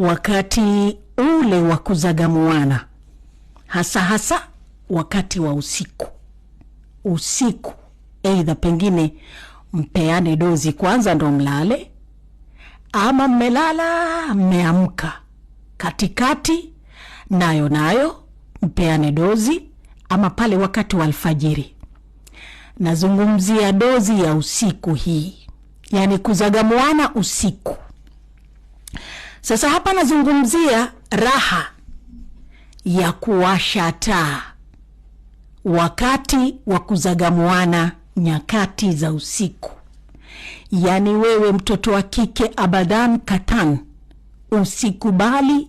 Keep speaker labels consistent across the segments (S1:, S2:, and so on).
S1: wakati ule wa kuzagamuana, hasa hasa wakati wa usiku usiku, eidha pengine mpeane dozi kwanza ndo mlale, ama mmelala mmeamka katikati, nayo nayo mpeane dozi, ama pale wakati wa alfajiri. Nazungumzia dozi ya usiku hii, yaani kuzagamuana usiku. Sasa hapa nazungumzia raha ya kuwasha taa wakati wa kuzagamuana nyakati za usiku, yaani wewe mtoto wa kike, abadan katan, usikubali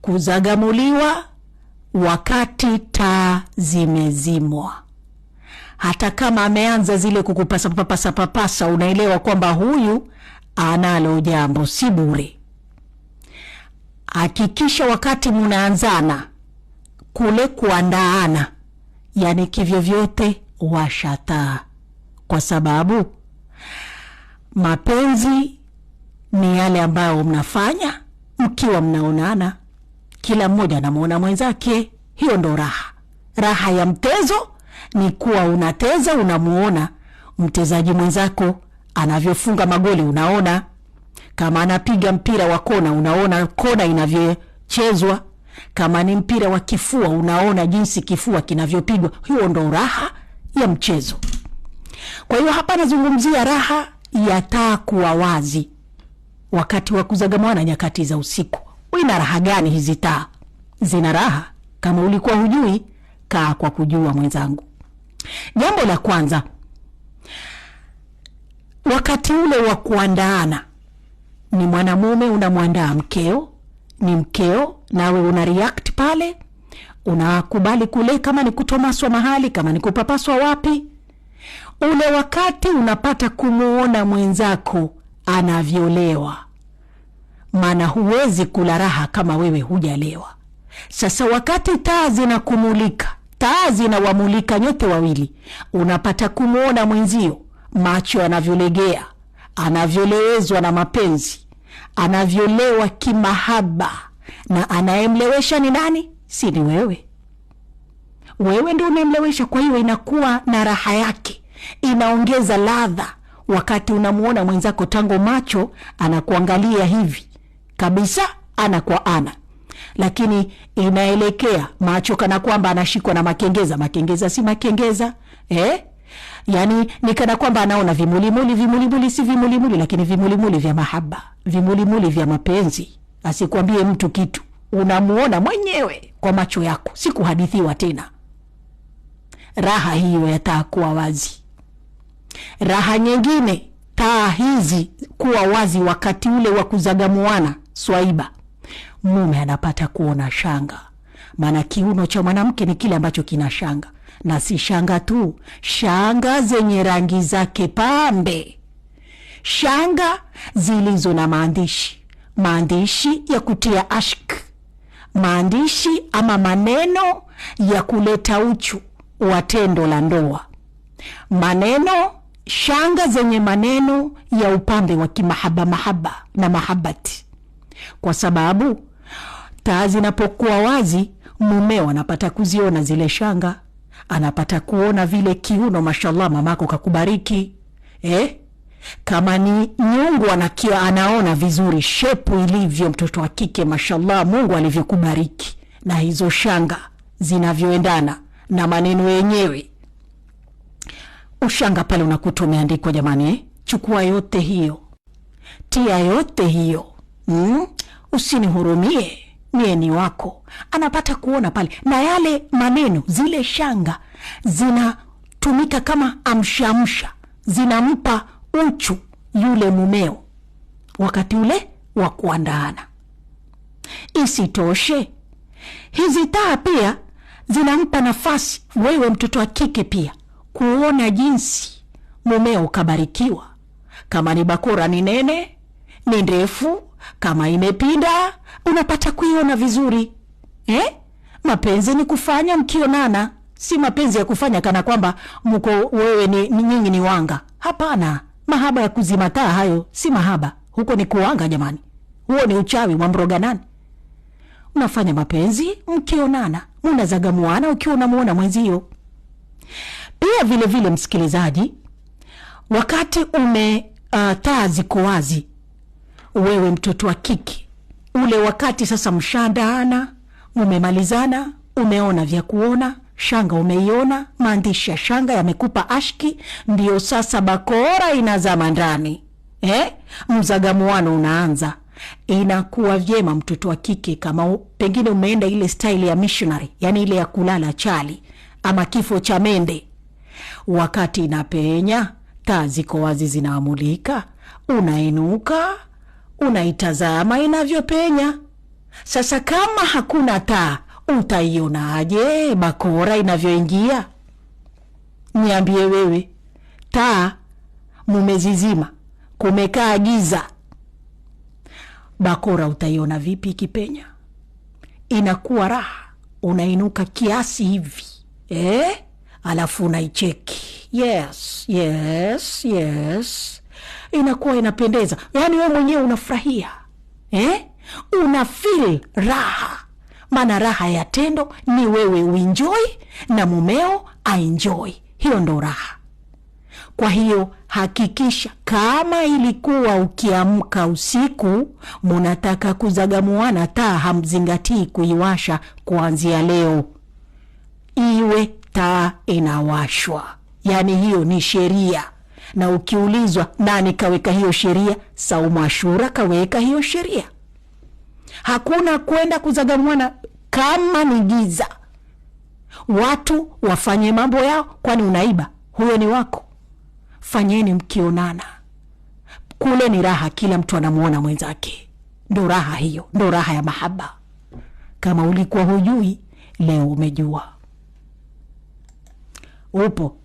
S1: kuzagamuliwa wakati taa zimezimwa. Hata kama ameanza zile kukupasapapasapapasa unaelewa kwamba huyu analo jambo, si bure hakikisha wakati munaanzana kule kuandaana, yani kivyovyote washataa, kwa sababu mapenzi ni yale ambayo mnafanya mkiwa mnaonana, kila mmoja anamwona mwenzake. Hiyo ndo raha. Raha ya mtezo ni kuwa unateza, unamuona mtezaji mwenzako anavyofunga magoli, unaona kama anapiga mpira wa kona, unaona kona inavyochezwa. Kama ni mpira wa kifua, unaona jinsi kifua kinavyopigwa. Hiyo ndo raha ya mchezo. Kwa hiyo hapa nazungumzia raha ya taa kuwa wazi wakati wa kuzagamana nyakati za usiku. Ina raha gani hizi taa? Zina raha. Kama ulikuwa hujui, kaa kwa kujua, mwenzangu. Jambo la kwanza, wakati ule wa kuandaana ni mwanamume unamwandaa mkeo, ni mkeo, nawe una react pale, unakubali kule, kama ni kutomaswa mahali, kama ni kupapaswa wapi. Ule wakati unapata kumwona mwenzako anavyolewa, maana huwezi kula raha kama wewe hujalewa. Sasa wakati taa zinakumulika, taa zinawamulika nyote wawili, unapata kumwona mwenzio macho yanavyolegea anavyolewezwa na mapenzi, anavyolewa kimahaba, na anayemlewesha ni nani? Si ni wewe? Wewe ndio unayemlewesha. Kwa hiyo inakuwa na raha yake, inaongeza ladha wakati unamwona mwenzako tango macho, anakuangalia hivi kabisa, ana kwa ana lakini inaelekea macho kana kwamba anashikwa na makengeza. Makengeza si makengeza eh? yani nikana kwamba anaona vimulimuli vimulimuli, si vimulimuli, lakini vimulimuli vya mahaba, vimulimuli vya mapenzi. Asikwambie mtu kitu, unamuona mwenyewe kwa macho yako, si kuhadithiwa tena. Raha hiyo yataa kuwa wazi. Raha nyingine, taa hizi kuwa wazi wakati ule wa kuzagamuana. Swaiba, mume anapata kuona shanga maana kiuno cha mwanamke ni kile ambacho kina shanga, na si shanga tu, shanga zenye rangi zake pambe, shanga zilizo na maandishi, maandishi ya kutia ashk, maandishi ama maneno ya kuleta uchu wa tendo la ndoa, maneno shanga zenye maneno ya upambe wa kimahaba mahaba na mahabati, kwa sababu taa zinapokuwa wazi, mumeo anapata kuziona zile shanga, anapata kuona vile kiuno. Mashallah, mamako kakubariki eh? Kama ni nyungu anakiwa anaona vizuri shepu ilivyo mtoto wa kike. Mashallah, Mungu alivyokubariki na hizo shanga zinavyoendana na maneno yenyewe. Ushanga pale unakuta umeandikwa, jamani eh? Chukua yote hiyo, tia yote hiyo mm? Usinihurumie mie ni wako, anapata kuona pale, na yale maneno, zile shanga zinatumika kama amshamsha, zinampa uchu yule mumeo wakati ule wa kuandaana. Isitoshe, hizi taa pia zinampa nafasi wewe mtoto wa kike pia kuona jinsi mumeo kabarikiwa, kama ni bakora ni nene, ni ndefu kama imepinda unapata kuiona vizuri eh? Mapenzi ni kufanya mkionana, si mapenzi ya kufanya kana kwamba mko wewe ni, ni nyinyi ni wanga. Hapana, mahaba ya kuzimataa hayo si mahaba, huko ni kuwanga jamani, huo ni uchawi wa mroga nani. Unafanya mapenzi mkionana, munazagamuana ukiwa unamuona mwenzio. Pia vilevile, msikilizaji, wakati ume uh, taa ziko wazi wewe mtoto wa kike, ule wakati sasa mshandaana, umemalizana, umeona vya kuona shanga umeiona, maandishi ya shanga yamekupa ashki, ndio sasa bakora inazama ndani eh? Mzagamuano unaanza. Inakuwa vyema mtoto wa kike, kama pengine umeenda ile staili ya missionary, yani ile ya kulala chali ama kifo cha mende. Wakati inapenya, taa ziko wazi zinawamulika, unainuka unaitazama inavyopenya. Sasa kama hakuna taa, utaionaje bakora inavyoingia? Niambie wewe, taa mumezizima, kumekaa giza, bakora utaiona vipi ikipenya? Inakuwa raha, unainuka kiasi hivi eh? Alafu unaicheki. Yes, yes, yes inakuwa inapendeza, yaani we mwenyewe unafurahia eh? una fil raha, maana raha ya tendo ni wewe uinjoi na mumeo ainjoi, hiyo ndo raha. Kwa hiyo hakikisha kama ilikuwa ukiamka usiku munataka kuzagamuana, taa hamzingatii kuiwasha, kuanzia leo iwe taa inawashwa, yaani hiyo ni sheria na ukiulizwa nani kaweka hiyo sheria, Saumu Ashura kaweka hiyo sheria. Hakuna kwenda kuzagamwana kama ni giza, watu wafanye mambo yao. Kwani unaiba? Huyo ni wako. Fanyeni mkionana, kule ni raha, kila mtu anamuona mwenzake. Ndo raha hiyo, ndo raha ya mahaba. Kama ulikuwa hujui, leo umejua upo